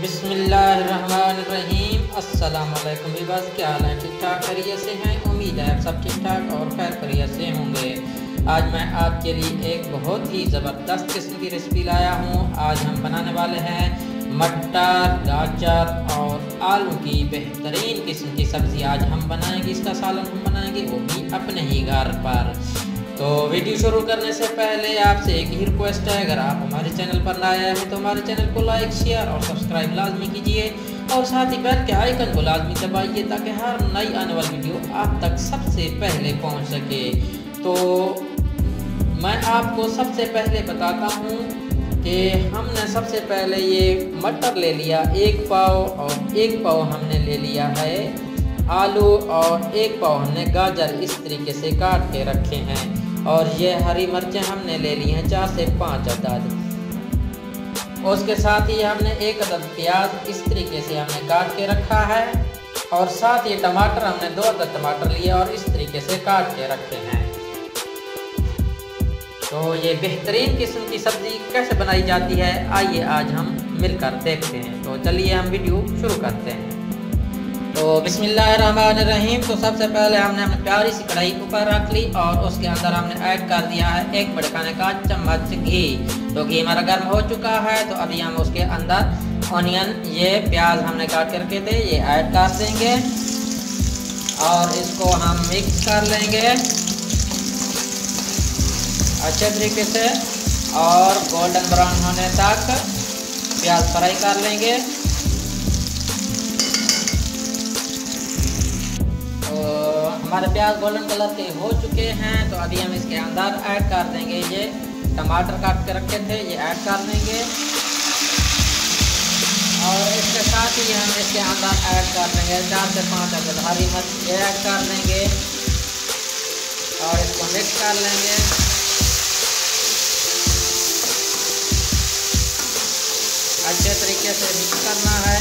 बिसमीम असलकम विवास क्या हाल है ठीक ठाक करिए से हैं उम्मीद है आप सब ठीक ठाक और खैर करिए से होंगे आज मैं आपके लिए एक बहुत ही ज़बरदस्त किस्म की रेसिपी लाया हूँ आज हम बनाने वाले हैं मटर गाजर और आलू की बेहतरीन किस्म की सब्ज़ी आज हम बनाएंगे इसका सालन हम बनाएंगे वो भी अपने ही घर पर तो वीडियो शुरू करने से पहले आपसे एक ही रिक्वेस्ट है अगर आप हमारे चैनल पर नए हैं तो हमारे चैनल को लाइक शेयर और सब्सक्राइब लाजमी कीजिए और साथ ही बैठ के आइकन को लाजमी दबाइए ताकि हर नई आने वाली वीडियो आप तक सबसे पहले पहुंच सके तो मैं आपको सबसे पहले बताता हूँ कि हमने सबसे पहले ये मटर ले लिया एक पाव और एक पाव हमने ले लिया है आलू और एक पाव हमने गाजर इस तरीके से काट के रखे हैं और ये हरी मिर्चें हमने ले ली हैं चार से पाँच अदाद उसके साथ ही हमने एक अदद प्याज इस तरीके से हमने काट के रखा है और साथ ही टमाटर हमने दो अदद टमाटर लिए और इस तरीके से काट के रखे हैं तो ये बेहतरीन किस्म की सब्ज़ी कैसे बनाई जाती है आइए आज हम मिलकर देखते हैं तो चलिए हम वीडियो शुरू करते हैं तो बिसमीम तो सबसे पहले हमने अपनी प्यारी सी कढ़ाई ऊपर रख ली और उसके अंदर हमने ऐड कर दिया है एक बड़े खाने का चम्मच घी तो घी हमारा गर्म हो चुका है तो अभी हम उसके अंदर ऑनियन ये प्याज हमने काट करके थे ये ऐड कर देंगे और इसको हम मिक्स कर लेंगे अच्छे तरीके से और गोल्डन ब्राउन होने तक प्याज फ्राई कर लेंगे हमारे प्याज गोल्डन कलर के हो चुके हैं तो अभी हम इसके अंदर ऐड कर देंगे ये टमाटर काट के रखे थे ये ऐड कर देंगे और इसके साथ ही हम इसके अंदर ऐड कर देंगे चार से पाँच अगर हरी मिर्च ये ऐड कर देंगे और इसको मिक्स कर लेंगे अच्छे तरीके से मिक्स करना है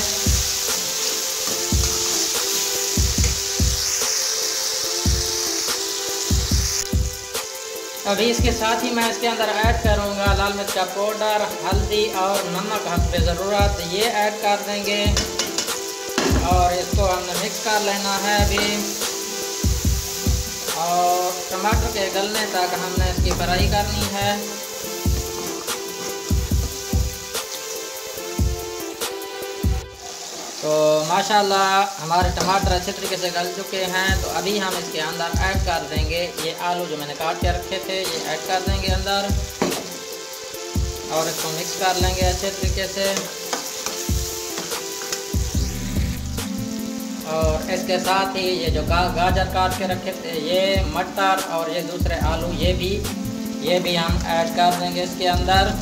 अभी इसके साथ ही मैं इसके अंदर ऐड करूँगा लाल मिर्च का पाउडर हल्दी और नमक हद पे ज़रूरत ये ऐड कर देंगे और इसको हमने मिक्स कर लेना है अभी और टमाटर के गलने तक हमने इसकी फ्राई करनी है तो माशाल्लाह हमारे टमाटर अच्छे तरीके से गल चुके हैं तो अभी हम इसके अंदर ऐड कर देंगे ये आलू जो मैंने काट के रखे थे ये ऐड कर देंगे अंदर और इसको मिक्स कर लेंगे अच्छे तरीके से और इसके साथ ही ये जो गाजर काट के रखे थे ये मटर और ये दूसरे आलू ये भी ये भी हम ऐड कर देंगे इसके अंदर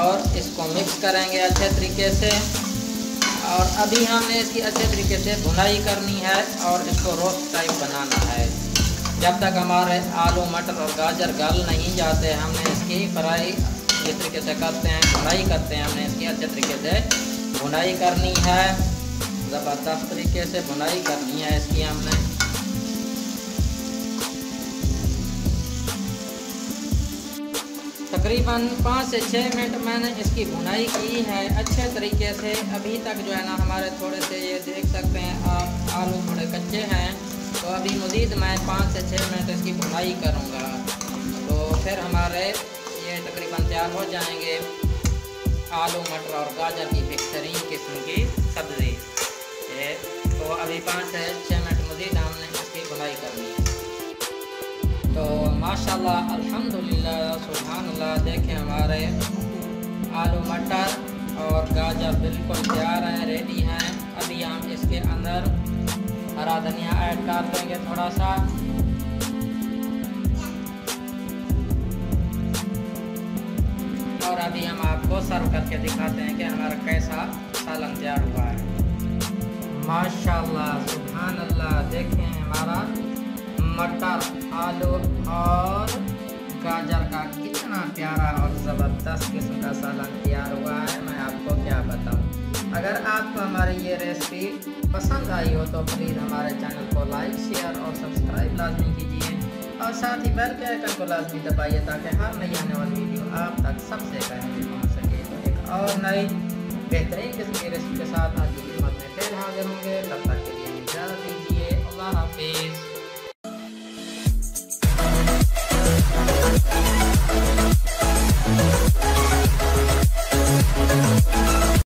और इसको मिक्स करेंगे अच्छे तरीके से और अभी हमने इसकी अच्छे तरीके से भुनाई करनी है और इसको रोस्ट टाइप बनाना है जब तक हमारे आलू मटर और गाजर गल नहीं जाते हमने इसकी फ्राई इस तरीके से करते हैं फ्राई करते हैं हमने इसकी अच्छे तरीके से भुनाई करनी है ज़बरदस्त तरीके से भुनाई करनी है इसकी हमने तकरीबन पाँच से छः मिनट मैंने इसकी भुनाई की है अच्छे तरीके से अभी तक जो है ना हमारे थोड़े से ये देख सकते हैं आप आलू थोड़े कच्चे हैं तो अभी मज़ीद मैं पाँच से छः मिनट इसकी भुनाई करूँगा तो फिर हमारे ये तकरीबन तैयार हो जाएंगे आलू मटर और गाजर की बेहतरीन किस्म की सब्ज़ी तो अभी पाँच से छः मिनट माशाल्लाह अल्हम्दुलिल्लाह सुबहानल्लाह देखें हमारे आलू मटर और गाजर बिल्कुल तैयार हैं रेडी हैं अभी हम इसके अंदर हरा धनिया ऐड कर देंगे थोड़ा सा और अभी हम आपको सर्व करके दिखाते हैं कि हमारा कैसा सालन तैयार हुआ है माशाल्लाह सुबहानल्लाह देखें हमारा मटर आलू और गाजर का कितना प्यारा और ज़बरदस्त किस्म का सालन तैयार हुआ है मैं आपको क्या बताऊं अगर आपको हमारी ये रेसिपी पसंद आई हो तो प्लीज़ हमारे चैनल को लाइक शेयर और सब्सक्राइब लाजमी कीजिए और साथ ही बेल के आइकन को लाजमी दबाइए ताकि हर नई आने वाली वीडियो आप तक सबसे पहले पहुँच सके एक और नई बेहतरीन किस्म की रेसिपी के साथ